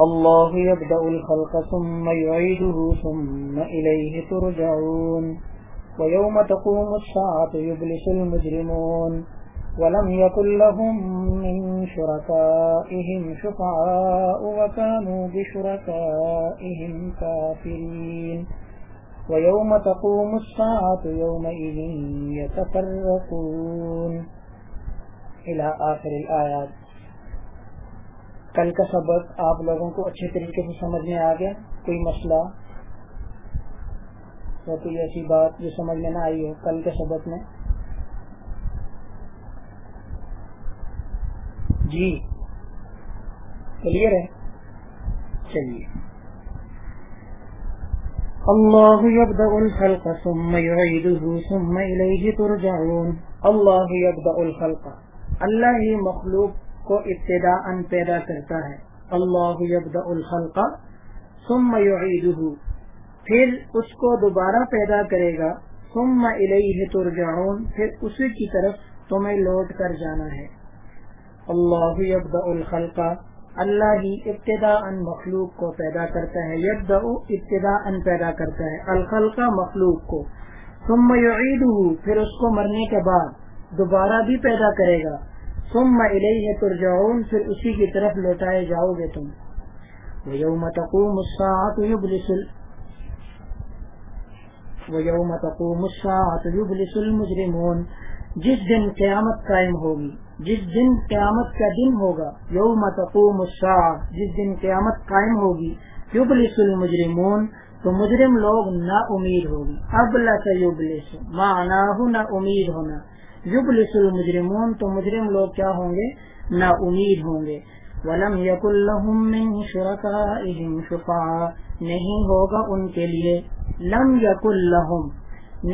الله يبدأ الخلق ثم يعيده ثم إليه ترجعون ويوم تقوم الساعة يبلس المجرمون ولم يكن لهم من شركائهم شفعاء وكانوا بشركائهم كافرين ويوم تقوم الساعة يومئذ يتفرقون إلى آخر الآيات کل کا سبق آپ لوگوں کو اچھے طریقے سے سمجھ میں آ گیا کوئی مسئلہ یا کوئی ایسی بات جو سمجھ میں نہ آئی ہو کل کے سبق میں جی کلیئر ہے چلیے اللہ الخلق الخلق ثم ثم ترجعون اللہ اللہ ہی مخلوق کو ابتدا ان پیدا کرتا ہے اللہ الخلق ثم یعیدہ پھر اس کو دوبارہ پیدا کرے گا ثم الیہ ترجعون پھر اسی کی طرف تمہیں لوٹ کر جانا ہے اللہ یبدا الخلق اللہ ہی ابتدا ان مخلوق کو پیدا کرتا ہے یبدا ابتدا ان پیدا کرتا ہے الخلق مخلوق کو ثم یعیدہ پھر اس کو مرنے کے بعد دوبارہ بھی پیدا کرے گا تم میں ترجعون پھر اسی کی طرف لوٹائے جاؤ گے تم یوم کو مساط یو بسلو مساط یوبلسل مجرمون جس دن قیامت قائم ہوگی جس دن قیامت کا دن ہوگا یوم تقوم مساط جس دن قیامت قائم ہوگی یبلس المجرمون مجرمون تو مجرم لوگ نہ امید ہوگی ابلا سے ماں ہوں نہ امید ہونا مجرمون تو مجرم لوگ کیا ہوں گے نا امید ہوں گے ولم یق الحم شراک اہم شپہا نہیں ہوگا ان کے لیے لم یق الحم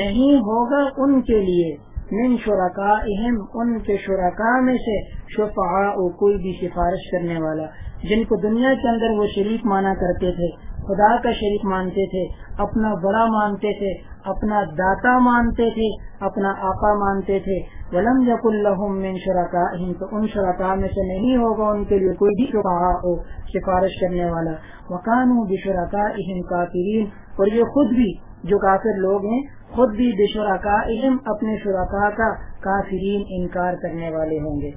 نہیں ہوگا ان کے لیے من شرکا اہم ان کے شرکا میں سے شفا او کوئی بھی سفارش کرنے والا جن کو دنیا کے اندر وہ شریک مانا کرتے تھے خدا کا شریک مانتے تھے اپنا بڑا مانتے تھے اپنا داتا مانتے تھے اپنا آقا مانتے تھے ولم یق اللہ شرکا تو ان شراکا میں سے نہیں ہوگا ان کے لیے کوئی بھی ہو سفارش کرنے والا مکان ہوں بے کا اہم اور یہ خود بھی جو کافر لوگ ہیں خود بھی اپنے شراکا کا کافرین انکار کرنے والے ہوں گے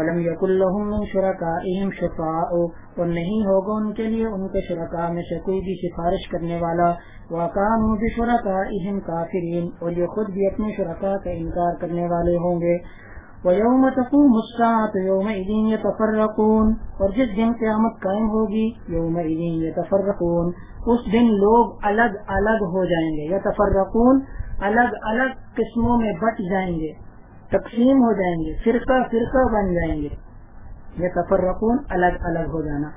اللہ لهم من شرکائهم شفاء اور نہیں ہوگا ان کے لیے ان کے شرکا میں سے کوئی بھی سفارش کرنے والا وقام کام مجھے اہم اور یہ خود بھی اپنے شرکا کا انکار کرنے والے ہوں گے وہ یوم مساط یوم یہ تفر اور جس دن قیامت قائم ہوگی یوم یہ تفر اس دن لوگ الگ الگ ہو جائیں گے یہ الگ الگ قسموں میں بٹ جائیں گے تقسیم ہو جائیں گے فرقہ فرقہ بن جائیں گے یہ سفر الگ الگ ہو جانا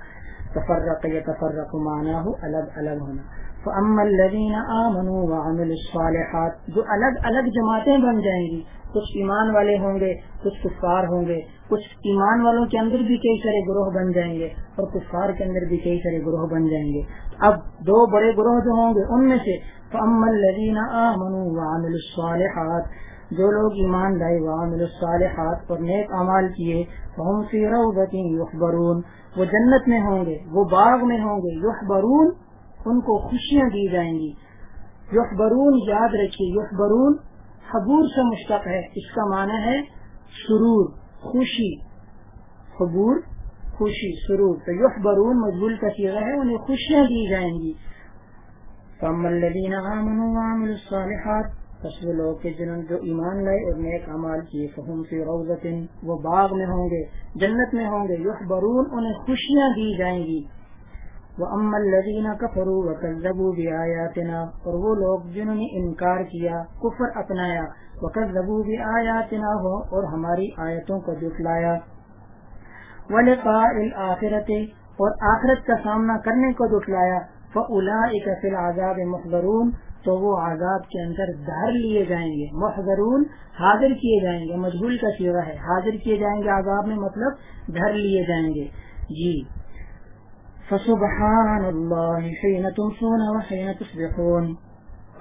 سفر رق یہ سفر مانا ہو الگ الگ ہونا تو ام الوینہ منو و جو الگ الگ جماعتیں بن جائیں گی کچھ ایمان والے ہوں گے کچھ کفار ہوں گے کچھ ایمان والوں کے اندر بھی کئی سارے گروہ بن جائیں گے اور کفار کے اندر بھی کئی سارے گروہ بن جائیں گے اب دو بڑے گروہ جو ہوں گے ان میں سے تو امل لوینہ آ منو جو لوگ ایمان لائے وعمل الصالحات اور نیک اعمال کیے فی روضت یخبرون وہ جنت میں ہوں گے وہ باغ میں ہوں گے یخبرون ان کو خوشیاں دی جائیں گی یخبرون یاد رکھیے یخبرون حبور سے مشتق ہے اس کا معنی ہے سرور خوشی حبور خوشی سرور تو یخبرون مجبول کا چیز ہے انہیں خوشیاں دی جائیں گی الَّذِينَ آمَنُوا وَعَمِلُوا الصَّالِحَاتِ وہ لوگ جو ایمان لائے اور فہم فی کی وہ باغ میں ہوں گے جنت میں ہوں گے برون انہیں خوشیاں دی جائیں گی وہ کفرو و امن کفھر اور وہ لوگ جنہوں نے انکار کیا کفر اپنایا وہ کزبو بھی نہ ہو اور ہماری آیتوں کو جٹلایا واقرتیں اور آخرت کا سامنا کرنے کو جٹلایا فلا اولا اکثر آزاد مخبرون تو وہ عذاب کے اندر لیے جائیں گے محضرون حاضر کیے جائیں گے مجبور کا سیوا ہے حاضر کیے جائیں گے عذاب میں مطلب دھر لیے جائیں گے جی فسبحان اللہ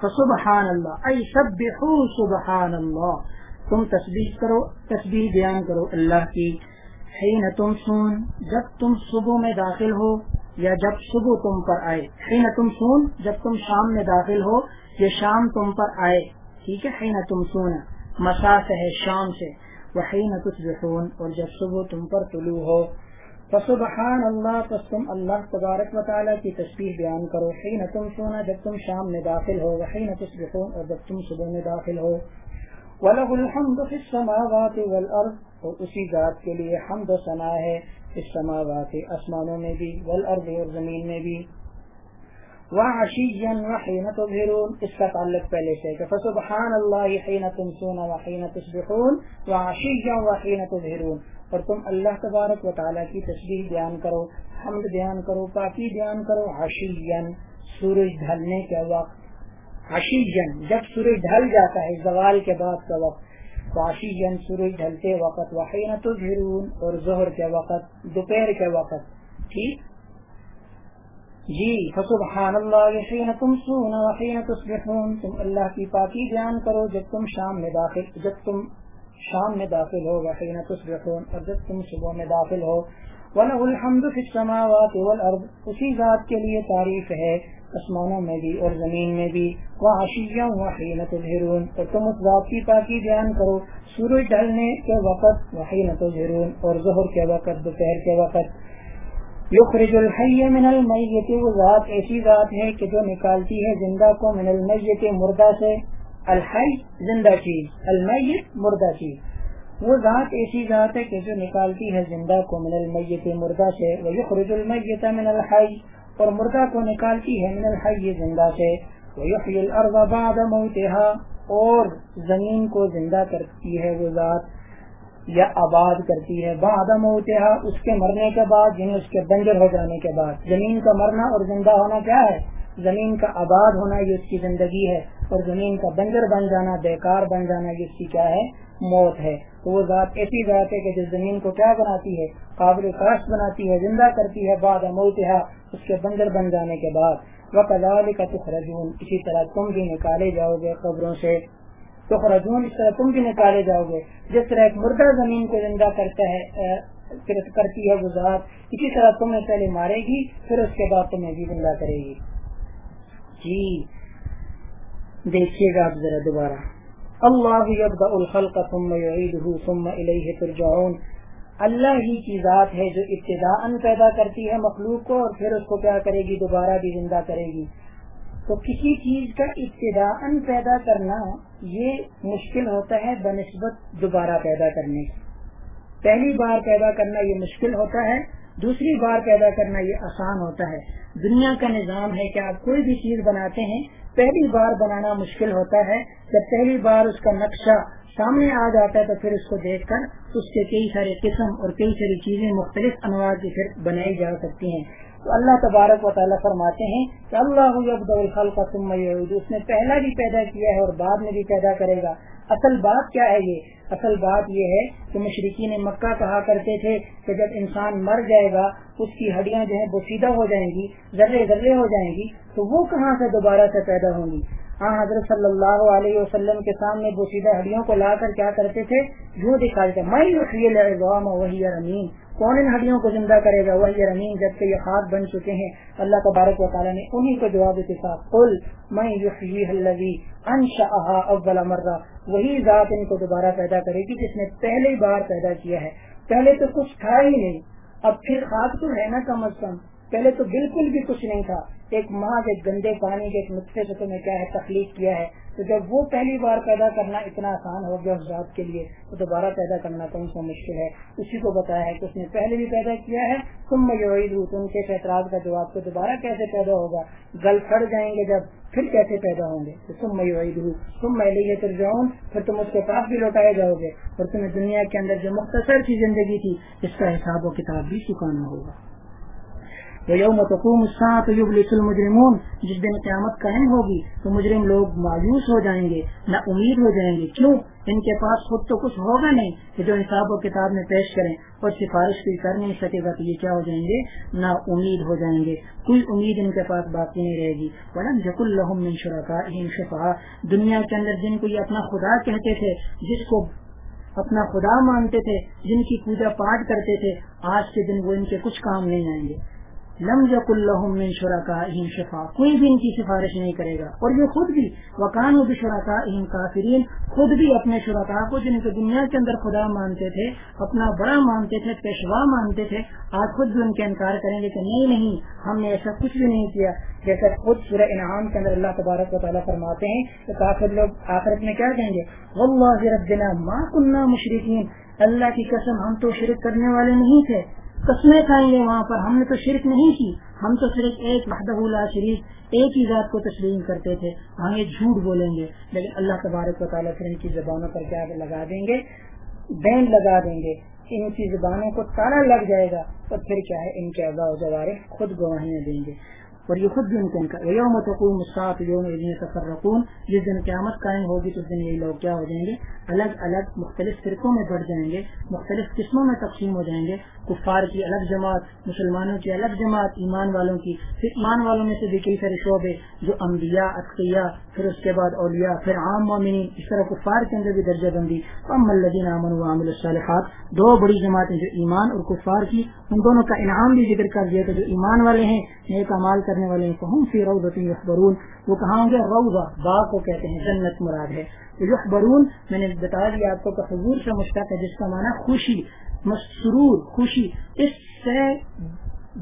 فسبحان اللہ ای سب سبحان اللہ تم تسبیح کرو تصدیق بیان کرو اللہ کی نہ سون جب تم صبح میں داخل ہو یا جب صبح تم پر آئے حین تم سون جب تم شام میں داخل ہو یا شام تم پر آئے ٹھیک ہے تم مسا سے ہے شام سے وحین تصبحون اور جب صبح تم پر طلوع ہو اللہ پس تم اللہ تبارک و تعالیٰ کی تصویر بیان کرو حین نہ تم سونا جب تم شام میں داخل ہو وہی نہ اور جب تم صبح میں داخل ہو وَلَهُ الْحَمْدُ فِي السَّمَاوَاتِ وَالْأَرْضِ اور اسی ذات کے لیے حمد و سنا ہے السماوات اسمانوں میں بھی والارض اور زمین میں بھی وعشیاں وحین تظہرون اس کا تعلق پہلے سے کہ فسبحان اللہ حین تنسون وحین تسبحون وعشیاں وحین تظہرون اور تم اللہ تبارک و تعالیٰ کی تشریح بیان کرو حمد بیان کرو پاکی بیان کرو عشین سورج ڈھلنے کے وقت عشین جب سورج ڈھل جاتا ہے زوال کے بعد کا وقت واشی سورج ڈھلتے وقت وحین تظہرون اور زہر کے وقت دوپہر کے وقت ٹھیک جی فسبحان اللہ وحین تمسون وحین تصبحون تم اللہ کی پاکی بیان کرو جب تم شام میں داخل جب تم شام میں داخل ہو وحین تصبحون اور جب تم صبح میں داخل ہو وَلَهُ الْحَمْدُ فِي السَّمَاوَاتِ وَالْأَرْضِ اسی ذات کے لیے تعریف ہے آسمانوں میں بھی اور زمین میں بھی وہ وہاں الحرون اور تم اس ذات کی پاکی بیان کرو سورج ڈھلنے کے وقت وہی الحرون اور ظہر کے وقت دوپہر کے وقت یخرج الحی من المیت وہ ذات ایسی ذات ہے کہ جو نکالتی ہے زندہ کو من المیت مردہ سے الحی زندہ چیز المیت مردہ چیز وہ ذات ایسی ذات ہے کہ جو نکالتی ہے زندہ کو من المیت مردہ سے وہ یخرج المیت من الحی اور مردہ کو نکالتی ہے من الحی زندہ سے بعد موتها اور زمین کو زندہ کرتی ہے وہ ذات یا آباد کرتی ہے بعد موتها اس کے مرنے کے بعد یعنی اس کے بنجر ہو جانے کے بعد زمین کا مرنا اور زندہ ہونا کیا ہے زمین کا آباد ہونا یہ اس کی زندگی ہے اور زمین کا بنجر بن جانا بیکار بن جانا جس کی کیا ہے موت ہے تو وہ ذات ایسی ذات ہے کہ زمین کو کیا بناتی ہے قابل کاشت بناتی ہے زندہ کرتی ہے بعد امرتہ اس کے بنجر بن جانے کے بعد وہ کزال کا اسی طرح تم بھی نکالے جاؤ گے خبروں سے تخرجون اس طرح تم بھی نکالے جاؤ گے جس طرح ایک مردہ زمین کو زندہ کرتا ہے کرتی ہے وہ ذات اسی طرح تمہیں پہلے مارے گی پھر اس کے بعد تمہیں بھی زندہ کرے گی جی دیکھیے گا آپ ذرا دوبارہ اللہ الخلق ثم ثم ترجعون اللہ ہی کی ذات ہے جو ابتدا پیدا کرتی ہے مخلوق کو اور پھر اس کو کیا کرے گی دوبارہ بھی زندہ کرے گی تو کسی چیز کا ابتدا پیدا کرنا یہ مشکل ہوتا ہے بنسبت دوبارہ پیدا کرنے کی پہلی بار پیدا کرنا یہ مشکل ہوتا ہے دوسری بار پیدا کرنا یہ آسان ہوتا ہے دنیا کا نظام ہے کہ آپ کوئی بھی چیز بناتے ہیں پہلی بار بنانا مشکل ہوتا ہے جب پہلی بار اس کا نقشہ سامنے آ جاتا ہے تو پھر اس کو دیکھ کر اس کے کئی سارے قسم اور کئی ساری چیزیں مختلف انواع کی پھر بنائی جا سکتی ہیں تو اللہ تبارک و تعالیٰ فرماتے ہیں کہ اللہ خل کا سمئی اس نے پہلا بھی پیدا کیا ہے اور بعد میں بھی پیدا کرے گا اصل بات کیا ہے یہ اصل بات یہ ہے کہ مشرقی نے مکہ کہا کرتے تھے کہ جب انسان مر جائے گا اس کی ہڈیاں جو ہے بسیدہ ہو جائیں گی ذرے ذرے ہو جائیں گی تو وہ کہاں سے دوبارہ سے پیدا ہوں گی ہاں حضرت صلی اللہ علیہ وسلم کے سامنے بوسیدہ ہڈیوں کو لا کر کیا کرتے تھے میں وہی رمین کون ان ہڈیوں کو زندہ کرے گا وہی رمین جب کہ یہ خاک بن چکے ہیں اللہ تبارک و تعالیٰ نے انہی کو جواب کل میں قل میں انشا شاء مرہ وہی ذات ان کو دوبارہ پیدا کرے گی جس نے پہلی بار پیدا کیا ہے پہلے تو کچھ تھا ہی نہیں اب پھر تو کم از کم پہلے تو بالکل بھی کچھ نہیں تھا ایک ماہ کے گندے پانی کے ایک نقطے سے تمہیں کیا ہے تخلیق کیا ہے تو جب وہ پہلی بار پیدا کرنا اتنا آسان ہو گیا اس ذات کے لیے تو دوبارہ پیدا کرنا کون سا مشکل ہے اسی کو بتایا ہے کہ اس نے پہلے بھی پیدا کیا ہے تم میں ان کے اعتراض کا جواب تو دوبارہ کیسے پیدا ہوگا گل سڑ جائیں گے جب پھر کیسے پیدا ہوں گے تو تم میں تم عید ہوں تم میں پھر تم اس کے پاس بھی لوٹائے جاؤ گے اور تمہیں دنیا کے اندر جو مختصر کی زندگی تھی اس کا حساب و کتاب بھی چکانا ہوگا یوم تقوم المجرمون جس دن قیامت قائم ہوگی تو مجرم لوگ مایوس ہو جائیں گے نہ امید ہو جائیں گے کیوں ان کے پاس خود تو کچھ ہوگا نہیں کہ جو حساب و کتاب میں پیش کریں اور سفارش بھی کر نہیں سکے گا تو یہ کیا ہو جائیں گے نہ امید ہو جائیں گے کوئی امید ان کے پاس باقی نہیں رہے گی ورن جک شفا دنیا کے اندر جن کو یہ اپنا خدا کہتے تھے جس کو اپنا خدا مانتے تھے جن کی پوجا پاٹ کرتے تھے آج کے دن وہ ان کے کچھ کام نہیں آئیں گے لم جلوم شرا کا کوئی بھی ان کی سفارش نہیں کرے گا اور یہ خود بھی وکان و اہم کافرین خود بھی اپنے شرکا کو جن دنیا کے اندر خدا مانتے تھے اپنا بڑا مانتے تھے پیشوا مانتے تھے آج خود بھی ان کے انکار کریں گے کہ نہیں نہیں ہم نے ایسا کچھ بھی نہیں کیا جیسا خود سورہ انعام کے اندر اللہ تبارک و تعالیٰ فرماتے ہیں تو کافر لوگ آخرت میں کیا کہیں گے ما کُلہ مشرقین اللہ کی قسم ہم تو شرک کرنے والے نہیں تھے کھائیں گے وہاں پر ہم نے تو شرک نہیں کی ہم تو صرف ایک وحدہ اللہ شریف ایک ہی ذات کو تسلیم کرتے تھے ہم یہ جھوٹ بولیں گے لیکن اللہ تبارک و تعالیٰ پھر ان کی زبانوں پر کیا لگا دیں گے بین لگا دیں گے ان کی زبانوں کو تالا لگ جائے گا اور پھر کیا ہے ان کے ازا و جوارے خود گواہیاں دیں گے اور یہ خود بھی ان کو انکار یوم یوم سفر جس دن قیامت قائم ہوگی تو دن یہ لوگ کیا ہو جائیں گے الگ الگ مختلف فرقوں میں بڑھ جائیں گے مختلف قسموں میں تقسیم ہو جائیں گے کفار کی الگ جماعت مسلمانوں کی الگ جماعت ایمان والوں کی پھر ایمان والوں میں سے بھی کئی سارے شعبے جو امبیا اکثیا پھر اس کے بعد اولیا پھر عام مومن اس طرح کفار کے اندر بھی درجہ بندی املدین امن و اللہ الصالحات دو بڑی جماعتیں جو ایمان اور کفار کی ان دونوں کا انعام بھی ذکر کر دیا تھا جو ایمان والے ہیں نیک مال کر کرنے والے ہیں تو ہم فی روزتی یخبرون وہ کہاں ہوں گے روزہ باغ کو کہتے ہیں جنت مراد ہے یخبرون میں نے بتا دیا آپ کو کہ حضور سے مشتق ہے جس کا معنی خوشی مسرور خوشی اس سے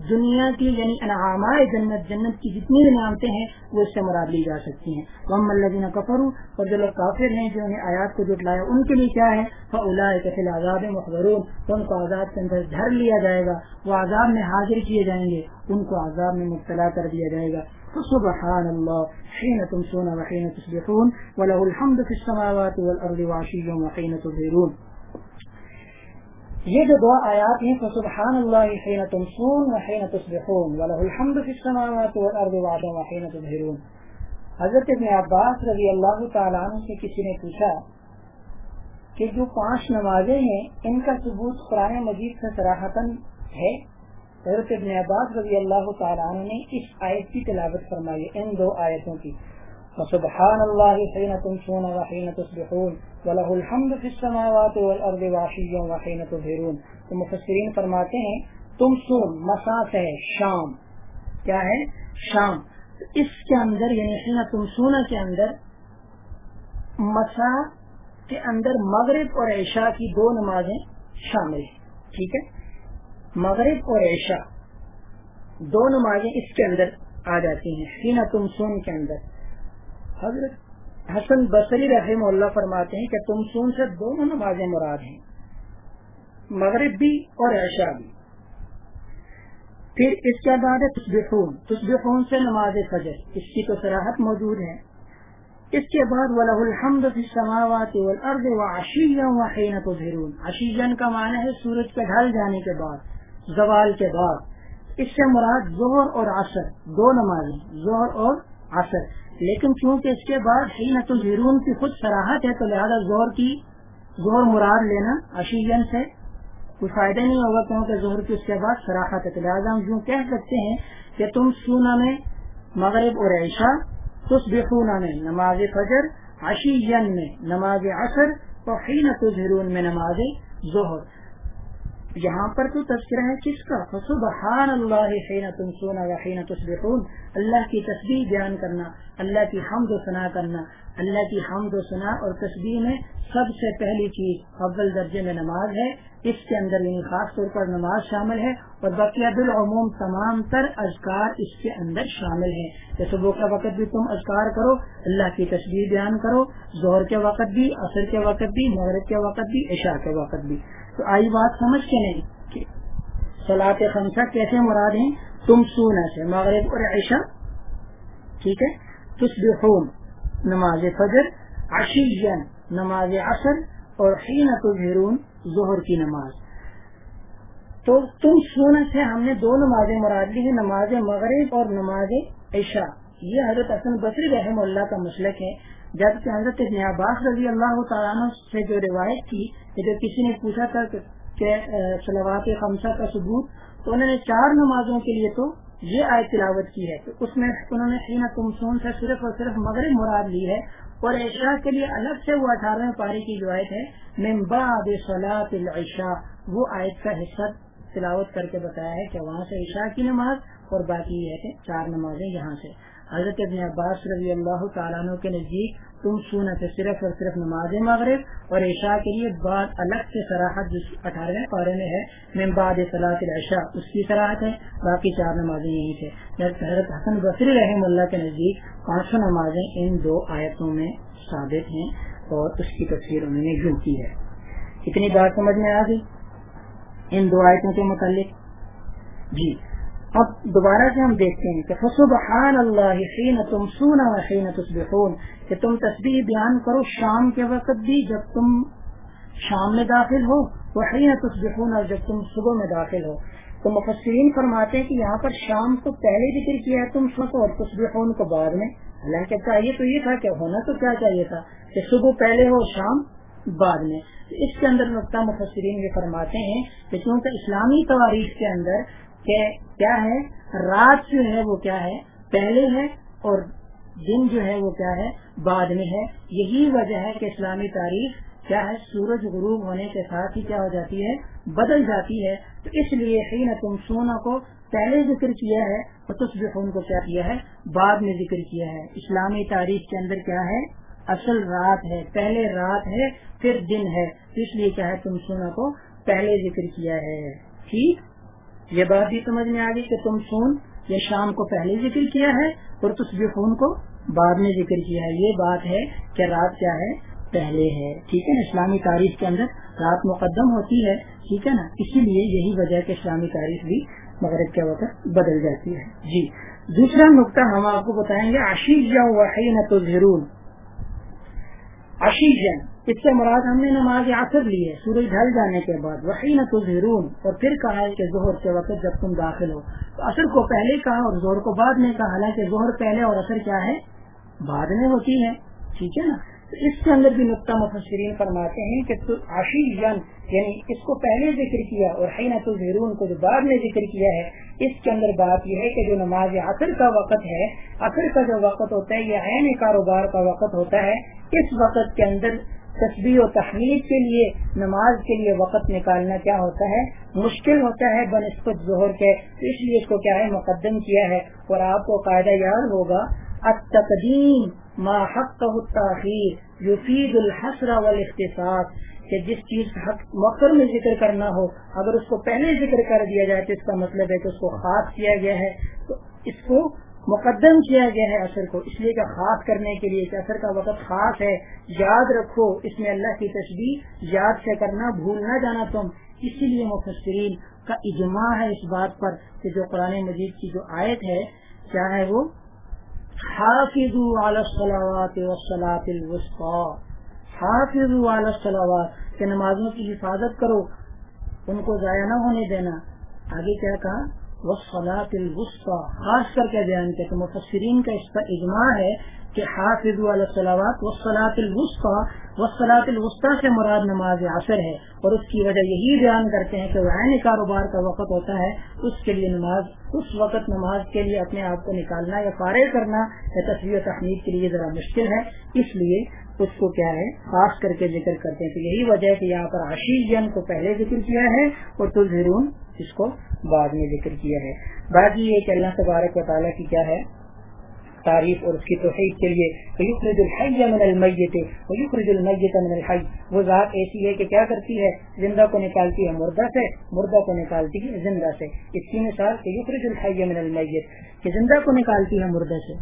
دنیا کی یعنی انعامائے جنت جنت کی جتنی بھی نعمتیں ہیں وہ اس سے مراد لی جا سکتی ہیں محمد اللہ جین کفر اور جو لوگ کافر ہیں جو انہیں آیات کو جٹلایا ان کے لیے کیا ہے فلاح اولا آزاد مخبروں ان کو آزاد کے اندر دھر لیا جائے گا وہ عذاب میں حاضر کیے جائیں گے ان کو عذاب میں مبتلا کر دیا جائے گا سبحان اللہ حين تمسون وحين تسبحون وله الحمد في السماوات والأرض وعشي وحين تظهرون یہ جو دعا آیات ہیں فسبحان اللہ حین تمسون و حین تصبحون و لہ الحمد فی السماوات والارض و عدم و حین تظہرون حضرت ابن عباس رضی اللہ تعالیٰ عنہ سے کسی نے پوچھا کہ جو پانچ نمازیں ہیں ان کا ثبوت قرآن مجید سے سراحتن ہے حضرت ابن عباس رضی اللہ تعالیٰ عنہ نے اس آیت کی تلاوت فرمائی ان دو آیتوں کی الله حين تمسون وحين تصبحون وله الحمد في السماوات وحين تظهرون المفسرين فرماتے ہیں تم سون مسا سے شام کیا ہے شام اس کے اندر یعنی تم سونا کے اندر مسا کے اندر مغرب اور عشاء کی دو نمازیں شامل ہیں ٹھیک ہے مغرب اور عشاء دو نمازیں اس کے اندر آ جاتی ہیں حین تم سون کے اندر حضرت حسن بصری رحم اللہ فرماتے ہیں کہ تم سون سے دونوں نمازیں مراد ہیں مغرب بھی اور عشاء بھی پھر اس کے بعد ہے سے نماز فجر اس کی تو سراحت موجود ہے اس کے بعد وَعَشِيًّا وَحِينَ تُظْهِرُونَ عشیًّا کا معنی ہے سورج کے ڈھل جانے کے بعد زوال کے بعد اس سے مراد زہر اور عصر دو نمازیں زہر اور اثر لیکن چونکہ اس کے بعد ہی نترون کی خود سراہت ہے تو لہذا زہر کی زہر مراد لینا اشین سے کوئی فائدہ نہیں ہوگا کیونکہ زہر کی اس کے بعد سراہت ہے تو لہٰذا ہم یوں کہہ سکتے ہیں کہ تم سونا میں مغرب اور عیشا تس بے میں نماز فجر اشی میں نماز اثر اور ہی نترون میں نماز ظہر یہاں پر تو تذکرہ ہے کس کا صبح اللہ تم سونا حین تصبحون اللہ کی تصویر بیان کرنا اللہ کی حمد و سنا کرنا اللہ کی حمد و سنا اور تصویر میں سب سے پہلی چیز اول درجے میں نماز ہے اس کے اندر یعنی خاص طور پر نماز شامل ہے اور بقیہ بالعموم تمام تر اذکار اس کے اندر شامل ہیں جیسے وہ کا وقت بھی تم اذکار کرو اللہ کی تصویر بیان کرو زہر کے وقت بھی عصر کے وقت بھی مغرب کے وقت بھی عشاء کے وقت بھی تو آئی بات سمجھ کے نہیں کہ سلاط خمسہ کیسے مراد ہیں تم سونا سے مغرب اور عشاء ٹھیک ہے کچھ بھی نماز فجر فضر نماز عصر اور ظہر کی نماز تو تم سونا سے ہم نے دو نمازیں مراد لی ہیں نماز مغرب اور نماز عشاء یہ حضرت حسن بصری رحم اللہ کا مسلک ہے جبکہ حضرت رضی اللہ تعالیٰ سے جو روایت کی جب کسی نے پوچھا تھا کہ سلوات خمسہ کا ثبوت تو انہوں نے چار نمازوں کے لیے تو یہ آئے تلاوت کی ہے اس میں انہوں نے سے صرف اور صرف مغرب مراد لی ہے اور عشاء کے لیے الگ سے وہ اٹھارہ پاری کی جو آئے با سلا عشا وہ آیت کا حصہ تلاوت کر کے بتایا ہے کہ وہاں سے عشاء کی نماز اور باقی یہ ہے کہ چار نمازیں یہاں سے حضرت ابن عباس رضی اللہ تعالیٰ کے نزدیک تم سونت صرف اور صرف نماز مغرب اور عشاء کے لیے بعد الگ سے سراحت اٹھارہ پارے میں ہے ہے بعد اس کی باقی چار نمازیں یہی تھے حضرت حسن بصری رحم اللہ کے نزدیک پانچ سو نمازیں ان دو آیتوں میں ثابت ہیں اور اس کی تصویر انہوں نے یوں کی ہے اتنی بات سمجھ میں آ گئی ان دو آیتوں کے متعلق جی اب دوبارہ سے ہم دیکھتے ہیں کہ خوشبحان اللہ حین تم سونا حین تصبحون کہ تم تسبیح بیان کرو شام کے وقت بھی جب تم شام میں داخل ہو وہ حین تصبحون اور جب تم صبح میں داخل ہو تو مفسرین فرماتے ہیں کہ یہاں پر شام کو پہلے ذکر کیا ہے تم سو اور تصبحون کو بعد میں حالانکہ چاہیے تو یہ تھا کہ ہونا تو کیا چاہیے تھا کہ صبح پہلے ہو شام بعد میں اس کے اندر نقطہ مفسرین یہ فرماتے ہیں کہ کیونکہ اسلامی تواریخ کے اندر کہ کیا ہے رات جو ہے وہ کیا ہے پہلے ہے اور دن جو ہے وہ کیا ہے بعد میں ہے یہی وجہ ہے کہ اسلامی تاریخ کیا ہے سورج غروب ہونے کے ساتھ ہی کیا ہو جاتی ہے بدل جاتی ہے تو اس لیے ہی نہ تم سونا کو پہلے ذکر کیا ہے اور تصویر کو کیا کیا ہے بعد میں ذکر کیا ہے اسلامی تاریخ کے اندر کیا ہے اصل رات ہے پہلے رات ہے پھر دن ہے اس لیے کیا ہے تم سونا کو پہلے ذکر کیا ہے ٹھیک یہ بات بھی سمجھ میں آ گئی کہ تم سون یہ شام کو پہلے ذکر کیا ہے اور خون کو بعد میں ذکر کیا ہے یہ بات ہے کہ رات کیا ہے پہلے ہے ٹھیک ہے نا اسلامی تاریخ کے اندر رات مقدم ہوتی ہے ٹھیک ہے نا اسی لیے یہی وجہ کہ اسلامی تاریخ بھی مغرب کے وقت بدل جاتی ہے جی دوسرا نقطہ ہم آپ کو بتائیں گے آشیش نہ تو ضرور آشیش جن اس سے مراد ہم نے نماز عصر لی ہے سورج ڈھل جانے کے بعد وحین تظہرون اور پھر کہا ہے کہ زہر کے وقت جب تم داخل ہو تو اثر کو پہلے کہا اور زہر کو بعد میں کہا حالانکہ زہر پہلے اور اثر کیا ہے بعد میں ہوتی ہے ٹھیک ہے نا تو اس کے اندر بھی نقطہ مفسرین فرماتے ہیں کہ آشی یعنی اس کو پہلے ذکر کیا اور کو جو بعد میں ذکر کیا ہے اس کے اندر بات یہ ہے کہ جو نماز اثر کا وقت ہے اثر کا جو وقت ہوتا ہے یہ عین کاروبار کا وقت ہوتا ہے اس وقت کے اندر و تحمید کے لیے نماز کے لیے وقت نکالنا کیا ہوتا ہے مشکل ہوتا ہے بنسبت ظہر کے اس لیے اس کو کیا ہے مقدم کیا ہے اور آپ کو قاعدہ یاد ہوگا ما ماحق تاخیر یفید الحسر والاختصاص وال جس چیز حق مقر میں ذکر کرنا ہو اگر اس کو پہلے ذکر کر دیا جائے تو اس کا مطلب ہے کہ اس کو خاص کیا گیا ہے تو اس کو مقدم کیا گیا ہے اثر کو اس لیے کہ خاص کرنے کے لیے کہ اثر کا وقت خاص ہے یاد رکھو اس میں اللہ کی تشبیح یاد سے کرنا بھول نہ جانا تم اسی لیے مفسرین کا اجماع ہے اس بات پر کہ جو قرآن مجید کی جو آیت ہے کیا ہے وہ حافظ حافظ کہ نمازوں کی حفاظت کرو ان کو ضائع نہ ہونے دینا آگے کیا کہا الوسطی خاص کر کے بیان کیا کہ مفسرین کا اس کا اجماع ہے کہ حافظ ہافوات الوسطی و الوسطی سے مراد نماز عصر ہے اور اس کی وجہ یہی بیان کرتے ہیں کہ وہ کاروبار کا وقت ہوتا ہے اس کے لیے نماز اس وقت نماز کے لیے اپنے آپ کو نکالنا یا فارغ کرنا یا تصویر تخمیز کے لیے ذرا مشکل ہے اس لیے اس کو کیا ہے خاص کر کے ذکر کرتے ہیں تو یہی وجہ ہے کہ یہاں پر آشیش جن کو پہلے ذکر کیا ہے اور تلزرون جس کو بعد میں ذکر کیا ہے باقی یہ کہ اللہ تبارک و تعالیٰ کی کیا ہے تعریف اور اس کی توحید کے لیے من من وہ ذات ایسی ہے کہ کیا کرتی ہے زندہ کو نکالتی ہے مردہ سے مردہ کو نکالتی ہے زندہ سے اس کی مثال کہ من المیت کہ زندہ کو نکالتی ہے مردہ سے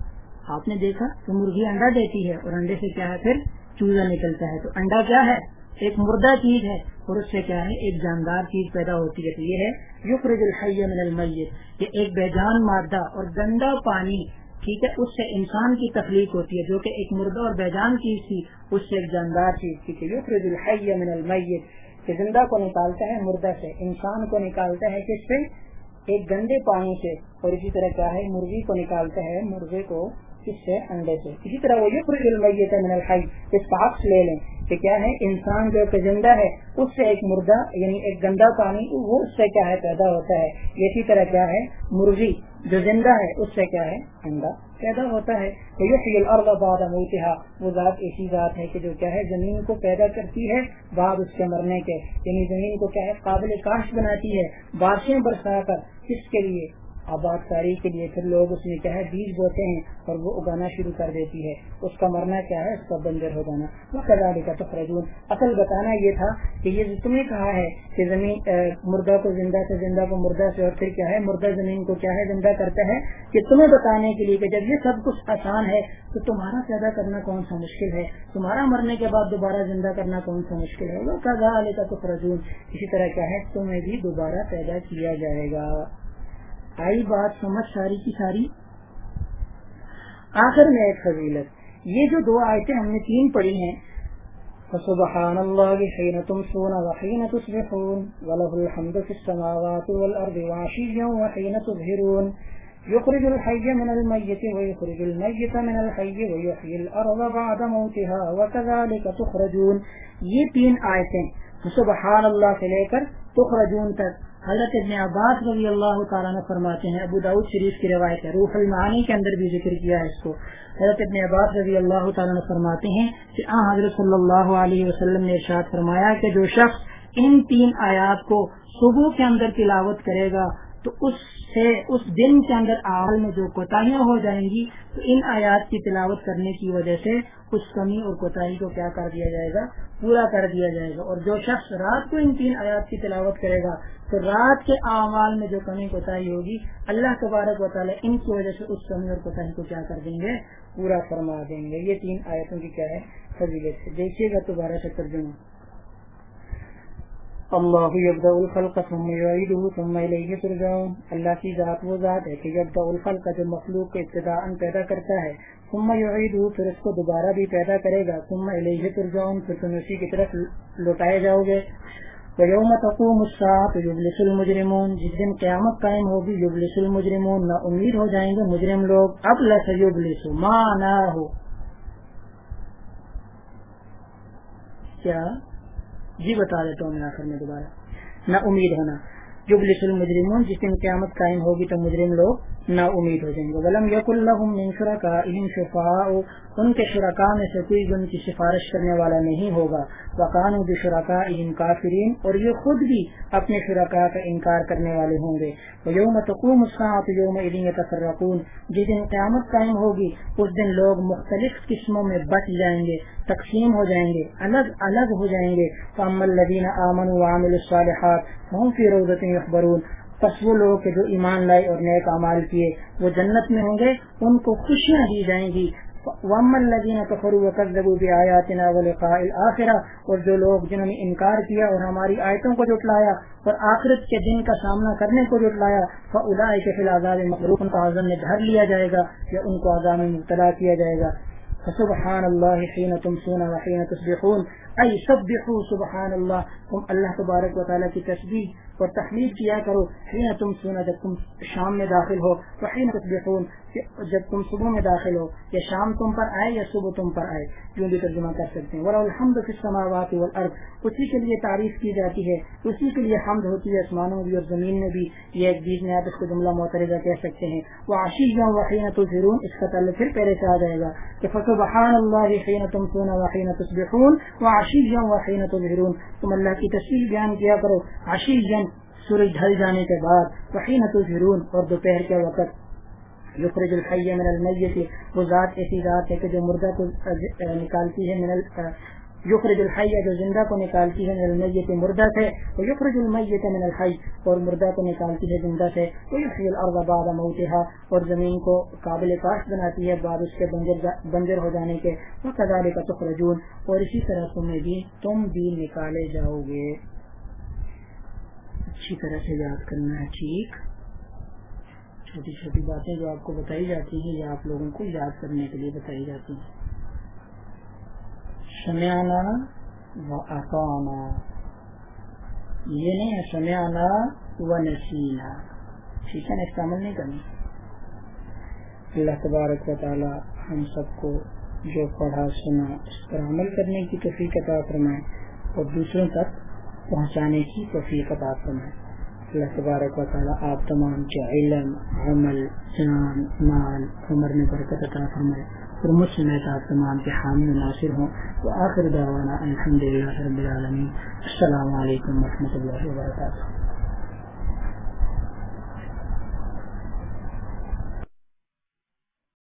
آپ نے دیکھا تو مرغی انڈا دیتی ہے اور انڈے سے کیا ہے پھر چوزا نکلتا ہے تو انڈا کیا ہے ایک مردہ چیز ہے اور اس سے کیا ہے ایک جاندار چیز پیدا ہوتی ہے تو یہ ہے یو الحی من المیت یہ ایک بے جان مادہ اور گندا پانی ٹھیک ہے اس سے انسان کی تخلیق ہوتی ہے جو کہ ایک مردہ اور بے جان چیز تھی اس سے ایک جاندار چیز تھی کہ یو فرج الحیہ من المیت کہ زندہ کو نکالتا ہے مردہ سے انسان کو نکالتا ہے کس سے ایک گندے پانی سے اور اسی طرح کیا ہے مرغی کو نکالتا ہے مرغے کو کس سے انڈے سے اسی طرح وہ یو فرجل میت ہے منل اس پاک آپ لے لیں کہ کیا ہے انسان جو زندہ ہے اس سے ایک مردہ یعنی ایک گندا پانی وہ اس سے کیا ہے پیدا ہوتا ہے اسی طرح کیا ہے مرغی جو زندہ ہے اس سے کیا ہے گندا پیدا ہوتا ہے تو یہ ملتہ وہ ذات ایسی ذات ہے کہ جو کیا ہے زمین کو پیدا کرتی ہے بعد اس کے مرنے کے یعنی زمین کو کیا ہے قابل کاشت بناتی ہے بارشیں برسا کر اس کے لیے آباد کاری کے لیے پھر لوگ اس میں کیا ہے بیج بوتے ہیں اور وہ اگانا شروع کر دیتی ہے اس کا مرنا کیا ہے اس کا بنجر جانا وہ کگا لے بتانا یہ تھا کہ یہ تمہیں کہا ہے کہ زمین مردہ کو زندہ سے زندہ کو مردہ سے اور پھر کیا ہے مردہ زمین کو کیا ہے زندہ کرتا ہے کہ تمہیں بتانے کے لیے کہ جب یہ سب کچھ آسان ہے تو تمہارا پیدا کرنا کون سا مشکل ہے تمہارا مرنے کے بعد دوبارہ زندہ کرنا کون سا مشکل ہے وہ لے کا ٹکراجون اسی طرح کیا ہے تمہیں بھی دوبارہ پیدا کیا جائے گا آئی بات سمجھ ساری کی ساری آخر میں ایک فضیلت یہ جو دو آیتیں ہم نے تین پڑھی ہیں فسبحان اللہ حین تمسون وحین تصبحون وله الحمد في السماوات والارض وعشيا وحین تظهرون يخرج الحي من الميت ويخرج الميت من الحي ويحيي الارض بعد موتها وكذلك تخرجون یہ تین آیتیں سبحان اللہ سے لے کر تخرجون تک حضرت ابن عباس رضی اللہ تعالیٰ نے فرماتے ہیں ابو داود شریف کی روایت ہے روح المعانی کے اندر بھی ذکر کیا ہے اس کو حضرت ابن عباس رضی اللہ تعالیٰ نے فرماتے ہیں کہ آن حضرت صلی اللہ علیہ وسلم نے ارشاد فرمایا کہ جو شخص ان تین آیات کو صبح کے اندر تلاوت کرے گا تو اس سے اس دن کے اندر میں جو کوتاہیاں ہو جائیں گی تو ان آیات کی تلاوت کرنے کی وجہ سے اس کمی اور کوتا کر دیا جائے گا پورا کر دیا جائے گا اور جو شخص رات کو ان تین آیات کی تلاوت کرے گا تو رات کے اعمال میں جو کمی کوتاہی ہوگی اللہ تبارک و تعالیٰ ان کی وجہ سے اس کمی اور کوتا کو کیا کر دیں گے پورا فرما دیں گے یہ تین آیتوں کی کیا ہے فضیلت سے دیکھیے گا دوبارہ سے ترجمہ اللہ یبدا الخلق ثم یعیده ثم الیہ ترجعون اللہ کی ذات وہ ذات ہے کہ یبدا الخلق جو مخلوق کے ابتداء پیدا کرتا ہے ثم یعیده پھر اس کو دوبارہ بھی پیدا کرے گا ثم الیہ ترجعون پھر تم اسی کی طرف لوٹائے جاؤ گے یوم تقوم الساعه یبلس المجرمون جس دن قیامت قائم ہوگی یبلس المجرمون نا امید ہو جائیں گے مجرم لوگ اب لس یبلس ما نہ ہو کیا جی بتا دیتا ہوں میں آخر میں دوبارہ نہ امید ہونا جو بلفل مجرم جس دن قیامت قائم ہوگی تو مجرم لوگ نا امید ہو جائیں گے یق ان کے شرکا میں سے کوئی ان کی سفارش کرنے والا نہیں ہوگا وقان شرکا اہم کافرین اور یہ خود بھی اپنے شرکا کا انکار کرنے والے ہوں گے یوم تقوم یوم علیہ تصرکون جس دن قیامت قائم ہوگی اس دن لوگ مختلف قسموں میں بچ جائیں گے تقسیم ہو جائیں گے الگ الگ ہو جائیں گے امن وعمل و عامل فی روزت مخبرون پس وہ لوگ جو ایمان لائے اور نیک امال کیے وہ جنت میں ہوں گے ان کو خوشیاں دی جائیں گی ومن آیا اور جو لوگ جنہوں نے انکار کیا اور ہماری آیتوں کو جٹلایا اور آخرت کے دن کا سامنا کرنے کو جٹلایا فاولئک فی العذاب مخلوق ان کو لیا جائے گا یا ان کو اعظم مبتلا کیا جائے گا فسبحان اللہ تم تمسون وحین تصبحون ائی سبحان اللہ تم اللہ تبارک و تعالیٰ کی تصویر ہو جب تم صبح میں داخل ہو یا شام تم پر آئے یا صبح تم پر آئے بھی ترجمہ کر سکتے ہیں ورا الحمد السماوات والارض اسی کے لیے تعریف کی جاتی ہے اسی کے لیے حمد ہوتی ہے آسمانوں بھی اور زمین میں بھی یہ ایک جیت میں آپ اس کو جملہ معترضہ کہہ سکتے ہیں وہ وحین آشیف اس کا تعلق پھر پہلے سے آ جائے گا کہ اللہ حین تم سونا وحین آشیل جنگ وقین تو بھرون تم اللہ کی تشریح بیان کیا کرو آشیش جن سورج ڈھل جانے کے بعد وقینت اور دوپہر کے وقت یقر دلکھائی من المیت وہ ذات ایسی ذات ہے کہ جو مردہ کو نکالتی ہے من جو زندہ کو نکالتی ہے من المیت مردہ سے المیت من الحی اور مردہ کو نکالتی ہے زندہ سے الارض بعد موتها اور زمین کو قابل کاشت بناتی ہے بعد اس کے بنجر بنجر ہو جانے کے تُخْرَجُونَ اور اسی طرح تمہیں بھی تم بھی نکالے جاؤ گے اچھی طرح سے یاد کرنا ہے ٹھیک چھوٹی چھوٹی باتیں جو آپ کو بتائی جاتی ہیں یا آپ لوگوں کو یاد کرنے کے لیے بتائی جاتی ہیں سانا یہ نہیں ہے نسینا ٹھیک ہے نا اس کا عمل نہیں و تعالی ہم سب کو جو پڑھا سنا اس پر عمل کرنے کی توفیق عطا فرمائے اور دوسروں تک پہنچانے کی توفیق عطا فرمائے اللہ تبارک و تعالیٰ آپ تمام کے علم عمل جان مال عمر میں برکت عطا فرمائے تمام کے پر ناصر ہوں آخر دعوانا رب العالمین السلام علیکم و اللہ وبرکاتہ